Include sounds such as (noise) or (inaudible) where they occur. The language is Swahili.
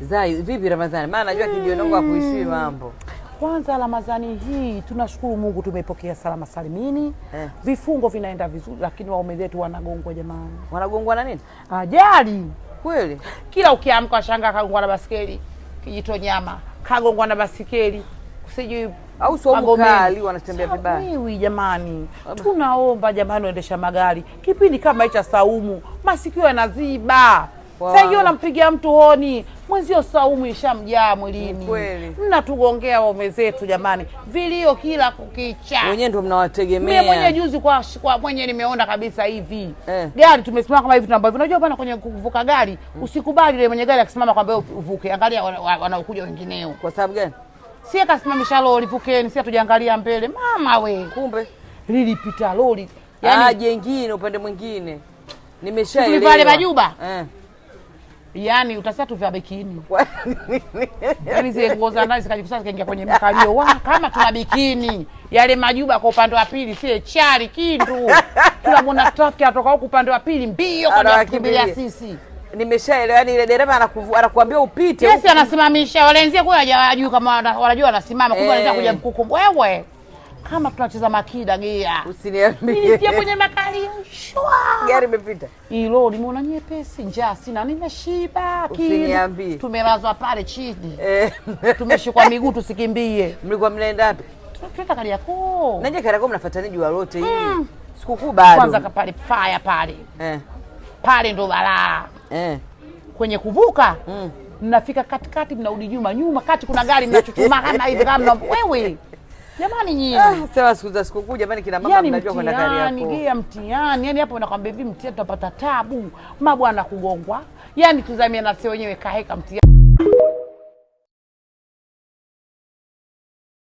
Zai, vipi Ramadhani? Maana najua kijionongo akuishii hmm. mambo. Kwanza Ramadhani hii tunashukuru Mungu tumepokea salama salimini eh. Vifungo vinaenda vizuri, lakini waume zetu wanagongwa jamani. Wanagongwa na nini? Ajali kweli. Kila ukiamka shanga kagongwa na basikeli, kijito nyama kagongwa na basikeli, sijui au sumu kali, wanatembea vibaya. Sawiwi jamani, tunaomba jamani, waendesha magari kipindi kama hicha saumu, masikio yanaziba. Wow. Sasa hiyo nampigia mtu honi mwenzio saumu ishamjaa mwilini, mnatugongea waume zetu jamani, vilio kila kukicha, wenyewe ndio mnawategemea. mwenye juzi kwa, kwa mwenye nimeona kabisa hivi eh, gari tumesimama kama hivi tunambavyo, unajua bana, kwenye kuvuka gari mm. usikubali mwenye gari akisimama kwamba uvuke, angalia wanaokuja wengineo. Kwa sababu gani? Sie kasimamisha lori, vukeni, si hatujaangalia mbele. Mama we, kumbe lilipita lori, yani jengine upande mwingine, nimeshaelewa vale majuba eh yani utasia tu vya bikini. yani zile nguo za ndani zikajikusa zikaingia kwenye mkalio. Wa kama tuna bikini. Yale majuba kwa upande wa pili sie chari kindu. Kila mwana trafiki atoka huko upande wa pili mbio kwa kukimbilia sisi. Nimeshaelewa yani ile dereva anakuambia upite. Yes, anasimamisha. Walenzie kwa hajawajui kama wanajua anasimama kumbe eh. anataka kuja mkuku wewe kama tunacheza makida gea. Usiniambie. Ni kwenye makali shwa. Gari imepita. Hilo limeona nyepesi, njaa sina, nimeshiba. Usiniambie. Tumelazwa pale chini. Eh. Tumeshikwa miguu tusikimbie. Mlikuwa mnaenda wapi? Tunataka Tunaenda Kariakoo. Naje karako mnafuatana juu lote hii. Mm. Sikukuu bado. Kwanza kapale fire pale. Eh. Pale ndo balaa. Eh. Kwenye kuvuka. Mm. Mnafika katikati mnarudi nyuma nyuma, kati kuna gari mnachuchumaa (laughs) kama hivi kama wewe Jamani nyinyi. Ah, sawa siku za sikukuu jamani kina mama yani mnajua kwenda gari yako. Yaani gea mtihani. Yaani hapo nakwambia hivi mtihani tutapata tabu. Mabwana kugongwa. Yaani tuzamia na sisi wenyewe kaheka mtihani.